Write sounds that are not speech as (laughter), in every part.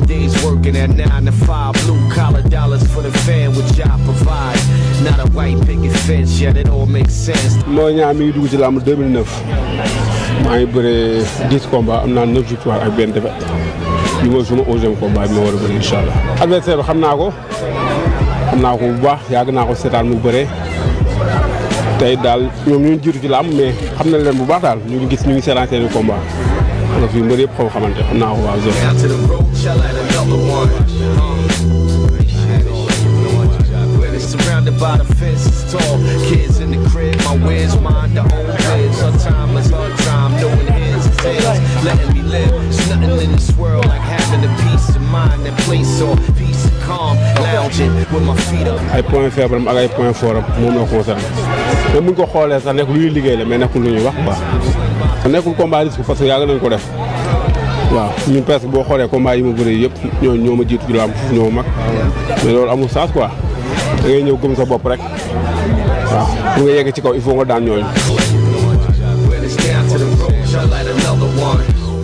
nowadays working at 9 to 5 Blue collar dollars for the fan which I provide Not a white picket fence, yeah that all makes sense mooy ñaar mi ngi dugg ci làmb 2009 maa ngi am naa 9 victoire ak benn défaite bi mooy suma onzième combat bi ma war a bëri incha allah adversaire xam naa ko xam naa ko bu baax yàgg naa ko seetaan mu bëree tey daal ñoom ñu ngi jiitu ci làmb xam na leen bu baax daal ñu ngi gis ñu ngi seetaan seeni combat olof yu mbër yëpp xaw xamante xam naa ko waaw jëf Surrounded by the fences, tall kids in the crib. My wins, mind the old ways. Our time is our time, knowing his is his. Letting me live. There's nothing in this world like having a peace of mind and place or peace of calm. Lounging with my feet up. ay point faible am ak ay point fort am moom la concerné. te buñ ko xoolee sax nekk lu liggéey la mais nekkul lu ñuy wax quoi nekkul combat risque parce que yàgg nañ ko def waaw ñun presque boo xoolee combat yi ma bëri yëpp ñoo ñoo ma jiitu làmb foofu ñoo mag mais loolu amul sens quoi dangay ñëw gëm sa bopp rek waa pour nga yegg ci kaw il faut nga daan ñooñu.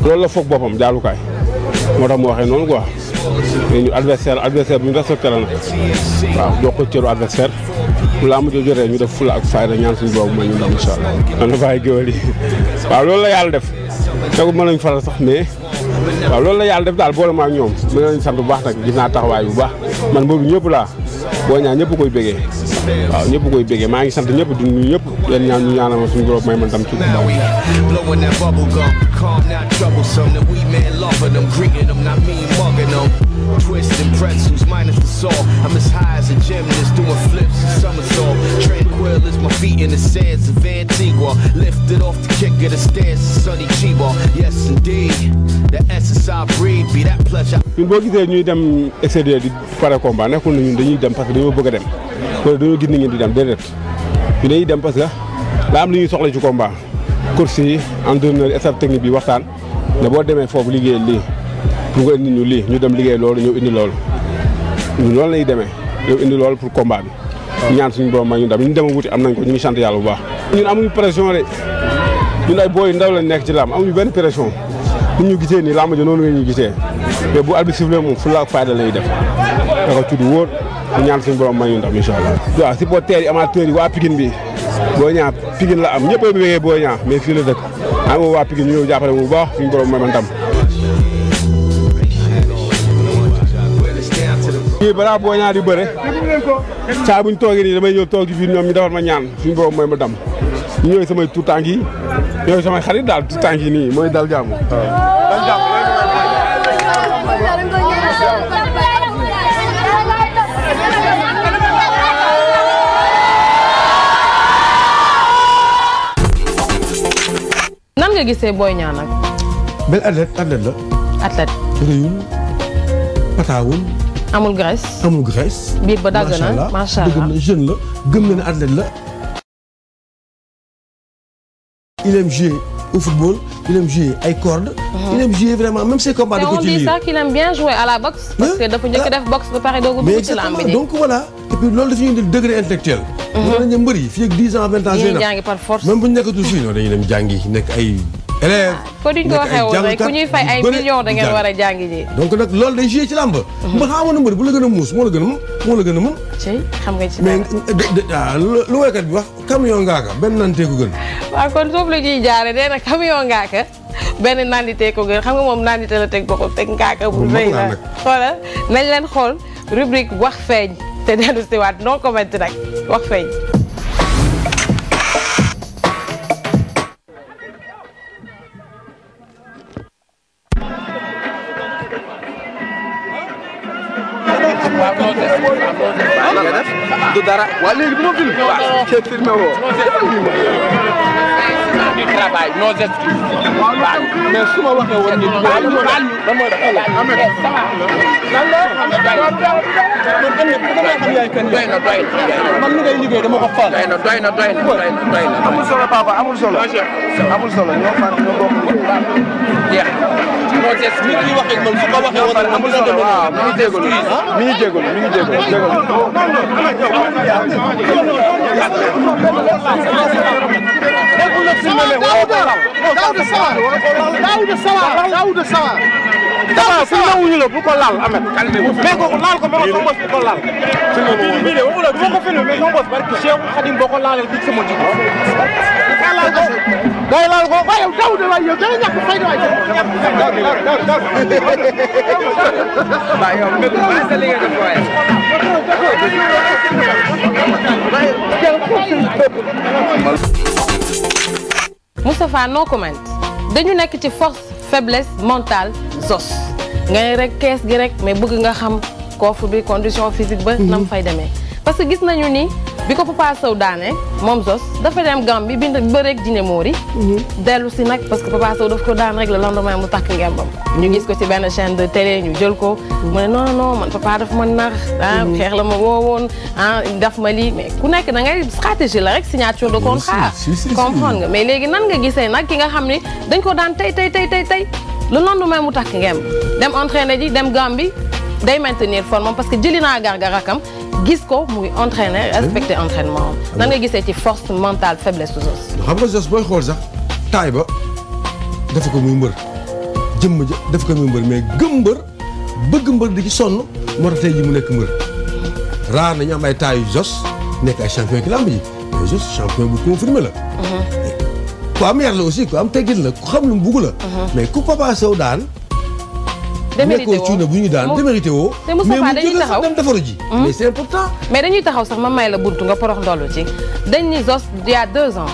loolu la foog boppam jaalukaay moo tax mu waxee noonu ko quoi ñu adversaire adversaire bu ñu respecté la nag waaw jox ko cëru adversaire bu laa mujjee jotee ñu def fula ak fayda ñaan suñu boobu may ñu ndam incha allah. man la bàyyi géwél yi waaw loolu la yàlla def tegu mën nañ fala sax mais waaw loolu la yàlla def daal boolema ak ñoom mën nañ sant bu baax nag gis naa taxawaay bu baax man boobu ñëpp laa boo ñaa ñëpp koy bégee. waaw ñëpp koy béggee maa ngi sant ñëpp di nuyu ñëpp yéen ñaan ñu ñaanal ma suñu borom may man tam ci Twisting pretzels minus the salt. I'm as high as a gymnast doing flips and somersault. Tranquil is my feet in the sands of Antigua. Lifted off the kick of the stairs of sunny Chiba. Yes, indeed. The essence I breathe be that pleasure. ñun boo gisee ñuy dem extérieur di pare combat nekkul na ñun dañuy dem parce que dañoo bëgg a dem. loolu dañoo gis ni ngeen di dem déedéet ñu dañuy dem parce que daa am lu ñuy soxla ci combat course yi entraîneur yi staff technique bi waxtaan ne boo demee foofu liggéey lii pour nga indi ñu lii ñu dem liggéey loolu ñu indi loolu loolu lay demee ñëw indi loolu pour combat bi ah. ñaan suñu borom ma ñu dem ñu dem wuti am nañ ko ñu ngi sant yàlla bu baax ñun amuñu pression de ñun ay booy ndaw lañ nekk ci làmb amuñu benn pression ñun ñu gisee ni làmb ji noonu nga ñu gisee mais bu arbitre sifflé moom fu la ak lay def di ñaan suñu borom may ñu ndam incha allah. waaw supporters yi amateurs yi waa Pikine bi Boy la am ñëpp a mais fii la dëkk am waa ñu ñëw bu baax suñu borom ma ndam. ñii balaa Boy Niang di bëre saa buñ toogee nii ñëw toog ci biir ñoom ñu defar ma ñaan suñu borom may ma ndam ñooy samay tuutànk yi ñooy samay xarit daal tuutànk yi nii mooy dal jàmm. nga gisee Boy Niang nag. benn athlète athlète la. athlète. amul graisse amul graisse. biir ba dagg na macha allah dëgg na jeune la gëm na ne athlète la. il au football il aime jouer ay cordes. Uh-huh. il aime jouer vraiment même ses combats da ko ci lire. mais on dit ça qu'il aime bien jouer à la boxe. parce que dafa njëkk def boxe ba pare doog a dugg ci lamb ji donc voilà. et puis loolu dafa ñuy indil degré intellectuel. mën uh-huh. nañu mbëri fii ak 10 ans 20 ans. yéen a jàngi par force même bu ñu nekkatul fii non dañuy dem jàngi nekk ay. élève ko ah, duñ ko waxee woon rek ku ñuy fay ay millions da ngeen war a jàngi ji donc nag loolu day joué ci làmb mhm. mba xaa woon a mbër bu la gën a muus moo la a mën moo la gën a mën ah, lu waykat bi wax camion ngaaka benn nantee ko gën waaw kon foofu la ñuy jaare nee na camion ngaaka benn nanditee ko gën xam nga moom nandite la teg boppam teg ka bu rëy la xoola nañ leen xool rubrique wax feeñ te dellu si waat non commenté nag wax feeñ du dara. waaw léegi bu ma filmé. waaw filmé woo. (laughs) du travail nos excuses. baal mais su ma waxee woon nii. baal ñu baal ñu lan mooy def doy na doy na man mi ngay liggéey dama ko faal. doy na doy na doy na doy na doy na. amul solo papa amul solo. amul solo ñoo far ñoo bokk. jeex nos excuses li wax ak man su ko waxee woon amul solo waaw mi ngi jégalu mi ngi jégalu mi ngi jégalu jégalu sawar daawuda sawar daawuda sawar daawuda sawar nawuñu la bu ko laal amet mais ko laal ko mais ko bos bu ko laal vidéo bu la bu ko filmé mais ko bos barki Cheikh Khadim boo ko laalee dig sama jikko laal ko day laal ko waaye daawuda waay yow dana ñàkk fay waay ba yow mais bu ma sa liggéey def waaye Moustapha no comment dañu nekk ci force faiblesse mentale zos nga ne rek kees gi rek mais bëgg nga xam coffre bi condition physique ba mhm. nam fay demee parce que gis nañu ni bi ko Papa Sow daane moom Zos dafa dem gam bi bind bëreeg Dine Mori. Mhm. dellu si nag parce que Papa Sow daf ko daan rek le lendemain mu takk ngembam. ñu gis ko ci benn chaîne de télé ñu jël ko. mu ne non non man papa daf ma nar. ah mhm. la ma woowoon ah daf ma lii mais ku nekk da ngay stratégie la rek signature de contrat. comprendre nga mais léegi nan nga gisee nag ki nga xam ni dañ ko daan tey tey tey tey tey le lendemain mu takk ngemb dem entraîné ji dem gam bi day maintenir forme parce que jëli naa gargarakam gis ko muy entraîner respecter entraînement am. Ah nan nga gisee ci force mentale faiblesse su Zoss. xam nga Zoss booy xool sax taay ba dafa ko muy mbër jëmm ja dafa ko muy mbër mais gëm mbër bëgg mbër di sonn moo tax tey nekk mbër raar nañu am ay taayu Zoss nekk ay champion ki làmb ji mais Zoss champion bu confirmé la. Mhm. ku am yar la aussi ku am teggin la ku xam lu mu bugg la. Mhm. mais ku Papa daan. démérité woo nekkoo bu ñu daan démérité woo. te Moustapha dañuy taxaw mais mu defaru hmm? mais c'est important. mais dañuy taxaw sax ma may la buntu nga porox ndollu ni Zos il a deux ans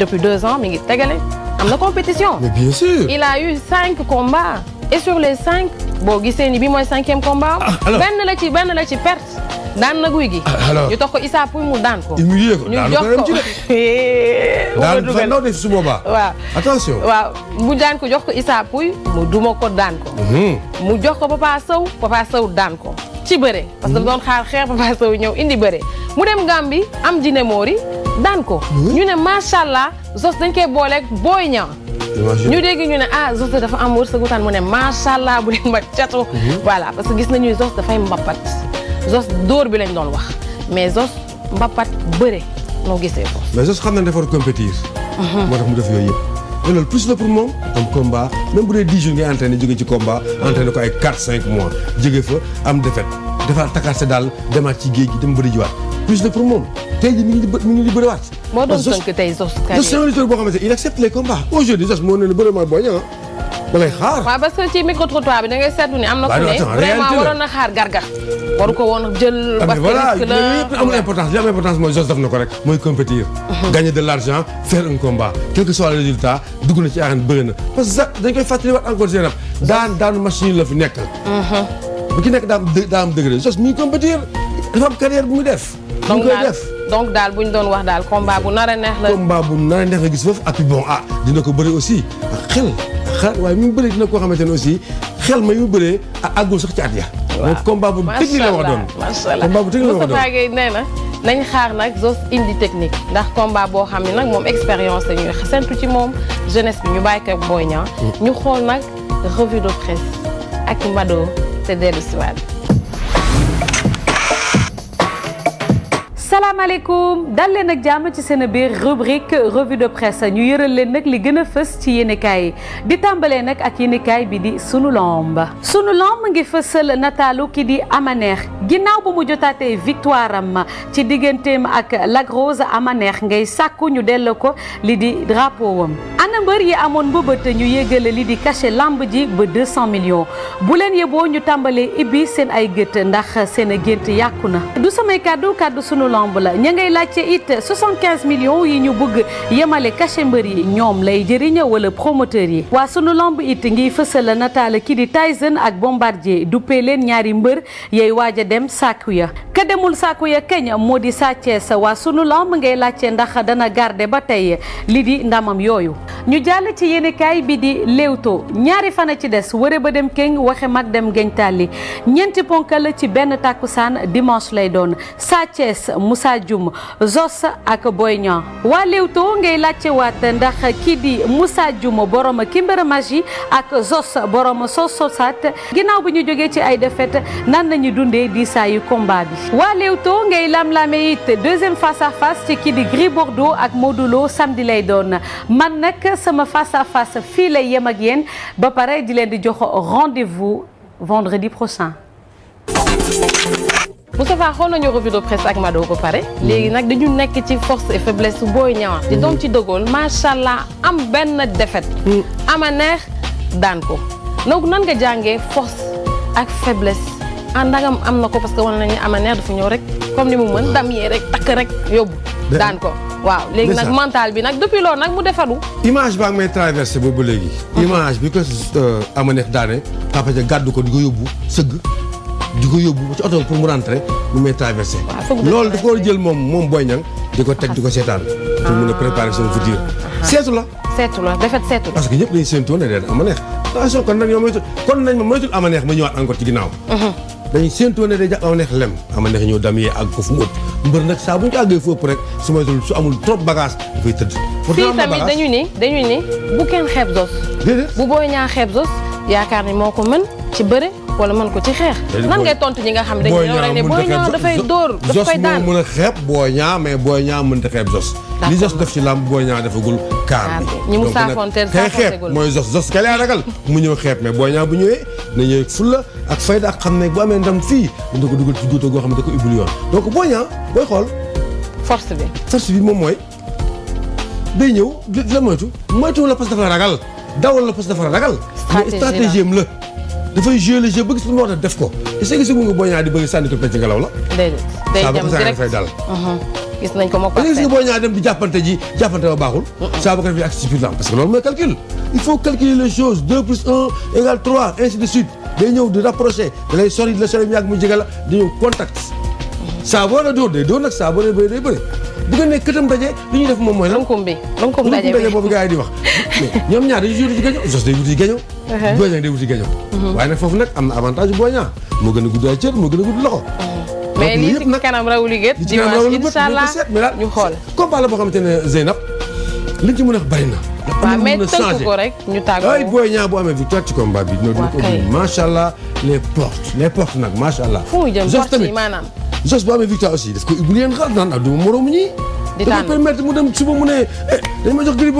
depuis deux ans mi ngi tegale am na compétition. mais bien sûr. il a eu cinq combats et sur les cinq. boo gisee ni bi mooy cinquième combat ah, benn la ci benn la ci perte daan na guy gi ah, ñu toog ko Issa Pouye mu daan ko ñu jox ko (laughs) daan fa naw de su boobaa waaw attention waaw mu daan ko jox ko Issa Pouye mu duma ko daan ko mhm. mu jox ko Papa Sow Papa Sow daan ko ci bëre parce que mhm. doon xaar xeex Papa Sow ñëw indi bëre mu dem Gambie am Djiné Mori daan ko mhm. ñu ne macha allah Zos dañ koy booleeg Boy Niang ñu dégg ñu ne ah Zoss dafa am wërsëgu taan mu ne macha allah bu leen ma catu. Mhm. voilà parce que gis nañu Zoss dafay mbappat Zoss dóor bi lañ doon wax mais Zoss mbappat bëre noo gisee ko. mais Zoss xam na dafa compétir. Mhm. mu def yooyu yëpp. mais loolu plus moom am combat même bu dee 10 ngay entraîné jóge ci combat entraîné ko ay 4 5 mois jóge fa am défaite dafa takkaat sa daal demaat ci géej gi dem bëri jiwaat plus la pour moom tey ji mi ngi mi ngi bëriwaat moo doon tënk tey Zoss Karier Zoss c'est un lutteur boo xamante il accepte les combats aujourd'hui Zoss moo ne lu bëri mooy Boy Niang da lay xaar. waaw parce que ci micro trottoir bi da ngay seetlu ni am na. ku ne vraiment waroon na xaar garga waru ko woon jël. parce que risque la voilà amul importance li am importance mooy Zoss def na ko rek. mooy compétir. Mhm. gagner de l'argent faire un combat quel que soit le résultat dugg na ci arène bëri na parce que sax dañ koy fàttaliwaat encore seen rab daan daanu machine la fi nekk. Mhm. bu ki nekk daa am dë daa am degré Zoss mi ngi compétir dafa am carrière bu muy def. mu koy def. donc daal bu ñu doon wax daal combat bu nar a neex la. combat bu nar a neex la gis foofu ah, ah dina ko bëri aussi ah, xel waaye ñu mu bëree dina koo xamante ne aussi xel ma yu bëree a ah, àggul sax ci at ya. waaw combat bu technique la wax doon macha allah combat bu wax doon nee na nañ xaar nag Zoss indi technique ndax combat boo xam ne nag moom expérience la ñuy xasantu ci moom jeunesse bi ñu bàyyi ko Boy Niang mm. ñu xool nag revue de presse ak Mado te dellu si waat salaamaaleykum dal leen ak jàmm ci seen biir rubrique revue de presse ñu yëral leen nag li gën a fës ci yéenekaay yi di tàmbalee nag ak yéenekaay bi di sunu lomb sunu lomb ngi fësal nataalu ki di amaneex ginnaaw ba mu jotaatee victoire ma ci digganteem ak Lac Rose amaneex ngay sàkku ñu dell ko li di drapeau wam ana mbër yi amoon mbëbët ñu yégale li di cachet làmb ji ba 200 millions bu leen yeboo ñu tàmbalee ibbi seen ay gët ndax seen gént yàqu na du samay ensemble ña ngay laajte it 75 millions yi ñu bëgg yemale cachet mbër yi ñoom lay jëriñ wala promoteur yi waa sunu lamb it ngiy fësal nataal kii di Tyson ak Bombardier duppee leen ñaari mbër yay waaj a dem sàkku ya ka demul sàkku ya keñ moo di Sa Thiès waa sunu lamb ngay laajte ndax dana garde ba tey li di ndamam yooyu ñu jàll ci yéenekaay bi di Leewtoo ñaari fan a ci des wëre ba dem keng waxe mag dem geñtaal li ñeenti ponkal ci benn tàkkusaan dimanche lay doon Sa Moussa Dioum Zos ak Boy Niang waa Leewtoo ngay laajtewaat ndax kii di Moussa Dioum borom Kimbera Magie ak Zos borom sos sosaat ginnaaw bi ñu jógee ci ay défaite nan nañu dundee di saa yu combat bi waa Leewtoo ngay lam-lame it deuxième face à ci kii di Gris Bordeaux ak Modou Lo samedi lay doon man nag sama face à face lay yem ak yéen ba pare di leen di jox rendez Moustapha xool nañu revue de presse ak madoo ko pare hmm. léegi nag dañu nekk ci force et faiblesse su Boy Niang di doom ci dëggool macha allah am benn defet hmm. ama neex daan ko donc nan nga jàngee force ak faiblesse àndangam ah, am na ko parce que wane nañu ama neex dafa ñëw rek comme ni mu mën dam rek takk rek yóbbu daan ko waaw léegi nag mental bi nag depuis loolu nag mu defaru image baa ngi may traversé boobu léegi hmm. image bi ko euh, ama neex daane Papa Dia gàddu ko di yóbbu sëgg di ko yóbbu ci oto pour mu rentré mu may traversé. loolu da ko war jël moom moom Boy Niang di ko teg di ko seetaan. pour mun a préparer son futur. Ah, ah, ah. seetu la. defet seetu la. parce que ñëpp dañu seen tool ne deen ama neex attention uh-huh. lem ama ñoo dam yee ak ko fu mu ëpp mbër nag saa ñu ko àggee fu ëpp rek su moytul su amul trop bagage dafay tëdd fii tamit dañu ni bu kenn xeeb dos bu booy ñaa xeeb dos yaakaar ni moo ko mën ci bëre wala mën ko ci xeex. nan ngay tontu ñi nga xam ne dañuy rek ne booy ñaa dafay dóor daf koy daan a ñaa mais booy ñaa mënta xeeb jos. li jos def ci làmb booy ñaa defagul kaar bi. ñi mu saafoonteen saafoontegul mooy jos jos ragal mu ñëw xeeb mais booy bu ñëwee na ñëw fulla ak fayda ak xam ne bu amee ndam fii dina ko dugal ci guuta goo xam ne da ko ubbil yoon donc booy ñaa booy xool. force bi force bi moom mooy day ñëw la moytu moytu la parce que ragal dawal la parce que dafa ragal. stratégie la dafay jouer le jeu bëgg suñu moo tax def ko est-ce que suñu nga Boy Niang di bëgg la. déedéet day jam nañ ko moo ko est-ce di jàppante ji jàppante ba ba ko defee ak si parce que loolu mooy calcul. il faut calculer les choses 2 plus 1 égale 3 ainsi de suite day ñëw di rapprocher da lay sori di la sori mu yàgg mu jege la di contact. saa boo la dóor day dóor nag saa boo lay day bëri. bu nga nekk këtam daje li ñuy def moom mooy lan lankum bi lankum daje bi boobu gars di wax (laughs) ñoom ñaar dañu joué ci gaño day wuti gaño uh-huh. Boy Niang day mm-hmm. nag foofu nag am na avantage Boy Niang moo gën a gudd ay cër moo gën a gudd loxo mm. mais lii ci kanam rawu liggéey dimanche incha allah mais ne Zeynab liñ ci mën na waaw mais tënk ko rek ñu tàggoo ay Boy Niang bu amee victoire ci combat bi dina ko ubbi macha allah les portes nag macha allah fu mu jëm portes yi maanaam Jos bu amee victoire aussi daf ko humilier xaal naan ah du ah. ma moromu ñii. da koy mu dem suba mu ne dañ ma jox daan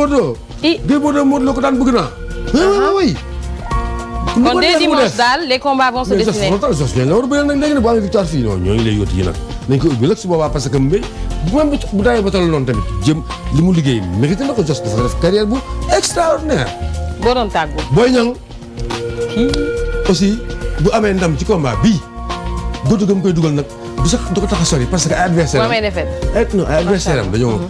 bëgg naa. waaw waay. kon dès dimanche daal les combats vont se dessiner. mais Jos Jos ñooñu la war a bëri nag léegi nag bu amee victoire fii non ñooñu lay yóoti yi nag. nañ ko ubbi nag su mu liggéey mérité na ko Jos dafa def carrière bu extraordinaire. boo doon tàggu. bu amee ndam ci combat bii guddi gam dugal nag du ko tax a parce que ay eh, adversaire am dañoo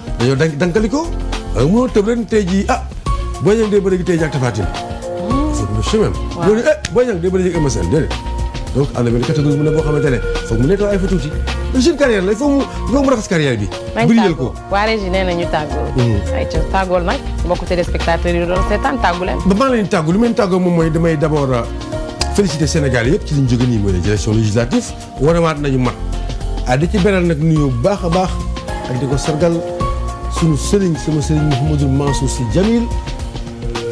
dañoo ko mënoo tëb ren tey jii ah Boy Niang dee bëri gi tey jii ak Tapha Tine hmm. foog mu chemem ñoo ne eh Boy Niang dee bëri gi Eumeu Sène déedéet donc am na benn catégorie mu ne boo xamante ne foog mu nekkoo ay fa tuuti jeune carrière la foog mu foog mu bi brillel ko hmm. ba maa leen tàggu meen tàggoo moom damay d'abord euh, féliciter Sénégal yëpp ci liñ jóge nii mooy la direction législative warawaat nañu mat ah di ci beral nag nuyoo bu baax a baax ak di ko sargal sunu sëriñ sama sëriñ Mouhamadul Mansour si Djamil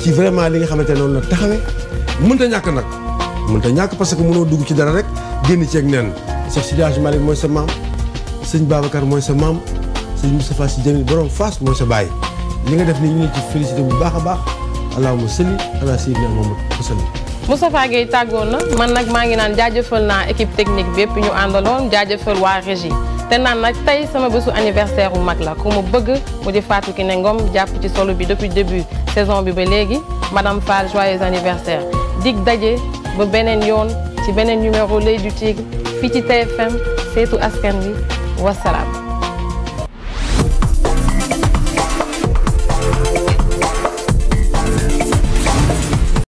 ci vraiment li nga xamante ne noonu la taxawee mënta ñàkk nag mënta ñàkk parce que mënoo dugg ci dara rek génn ceeg neen Cheikh Sidi Hadj mooy sa maam sëñ Babacar mooy sa maam sëñ Moustapha Sy Djamil borom fas mooy sa baay li nga def ni ñu ngi ci félicité bu baax a baax allahumma salli ala sayyidina moom wa sallam Moustapha Gueye tàggoon na man nag maa ngi naan jaajëfal naa équipe technique bi yëpp ñu àndaloon jaajëfal waa régie te naan nag tey sama bésu anniversaire bu mag la ku mu bëgg mu di Fatou Kiné Ngom jàpp ci solo bi depuis début saison bi ba léegi madame Fall joyeux anniversaire dig daje ba beneen yoon ci beneen numéro L'Oeil du Tigre fii ci TFM seetu askan wi wasalaam